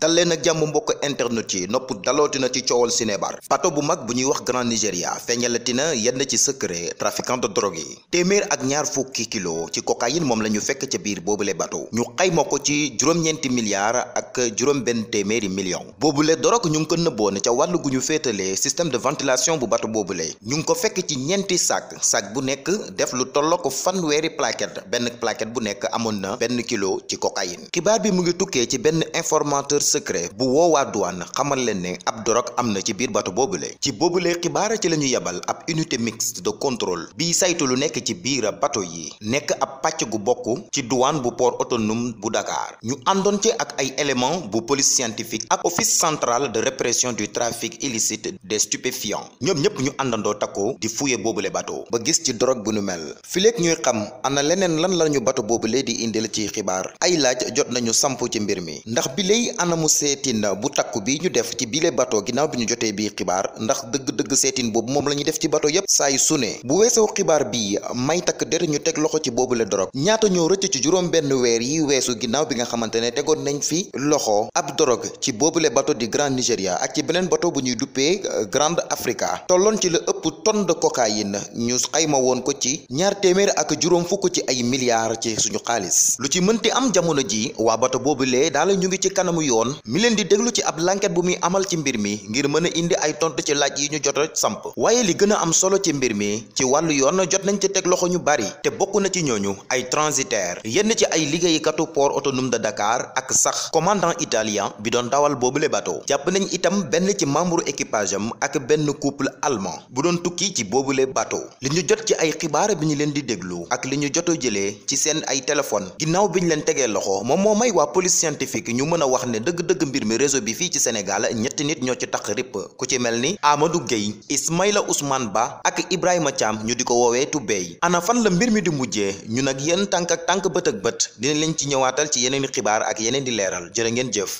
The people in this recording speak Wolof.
dal leen ak jàmm mbokk internet yi nopp dalootina ci coowal Sinébar bato bu mag bu ñuy wax Grand Nigeria feeñalati na yenn ci secret trafiquant de drogue yi téeméer ak ñaar fukki kilo ci cocaïne moom la ñu fekk ca biir boobule bato ñu xayma ko ci juróom-ñeenti milliards ak juróom-benn téeméeri million boobule drogue ñu ngi ko nëbboon ca wàll gu ñu féetalee système de ventilation bu bato boobule ñu ngi ko fekk ci ñeenti sac sag bu nekk def lu tolloo ko fanweeri plaquette benn plaquette bu nekk amoon na benn kilo ci cocaïne xibaar bi mu secret bu woowaa douane xamal leen ne ab dorog am na ci biir bato boobule ci boobule xibaara ci la ñu yebal ab unité de contrôle bii saytu lu nekk ci biir bato yi nekk ab pàcc gu bokk ci douane bu port autonome bu Dakar ñu àndoon ci ak ay éléments bu police ak office central de répression du trafic illicite des stupéfiants ñoom ñëpp ñu àndandoo takko di fouiller boobule bato ba gis ci dorog bu nu mel ñuy xam ana leneen lan lañu bato boobu boobule di indil ci xibaar ay laaj jot nañu samp ci mbir mi ndax bi lay anamu seetin bu takku bi ñu def ci bile bato ginnaaw bi ñu jotee bii xibaar ndax dëgg-dëgg seetin boobu moom la ñuy def ci bato yépp saa yu sune bu weesoo xibaar bi may takk der ñu teg loxo ci boobule dorog ñaata ñoo rëcc ci juróom benn weer yi weesu ginnaaw bi nga xamante ne tegoon nañ fi loxo ab dorog ci boobule bato di Grand Nigeria ak ci beneen bato bu ñuy duppee Grande Africa tolloon ci la ëpp tonne de cocaïne ñu xayma woon ko ci ñaar téeméer ak juróom fukk ci ay milliards ci suñu xaalis lu ci mënti ji Ousmane mi leen di déglu ci ab lanket bu muy amal ci mbir mi ngir mën indi ay tontu ci laaj yi ñu jot a samp waaye li gën am solo ci mbir mi ci wàllu yoon jot nañ ci teg loxo ñu bari te bokk na ci ñooñu ay transitaire yenn ci ay liggéeykatu port autonome de Dakar ak sax commandant italien bi doon dawal boobule bateau jàpp nañ itam benn ci membre équipage ak benn couple allemand bu doon tukki ci boobule bato li ñu jot ci ay xibaar bi ñu leen di déglu ak li ñu joto jëlee ci seen ay téléphone ginnaaw bi ñu leen tegee loxo moom moo may wax dëgg mbir mi réseau bi fii ci Sénégal ñetti nit ñoo ci taq ripp ku ci mel ni Amadou Gueye Ismaïla Ousmane Ba ak Ibrahima Thiam ñu di ko woowee Toubey ana fan la mbir mi di mujjee ñu nag yenn tànk ak tànk bët ak bët dina leen ci ñëwaatal ci yeneen xibaar ak yeneen di leeral jërë ngeen jëf